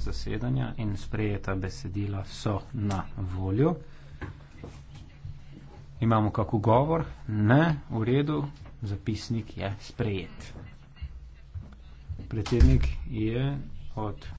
zasedanja in sprejeta besedila so na voljo. Imamo kako govor? Ne, v redu, zapisnik je sprejet. Predsednik je od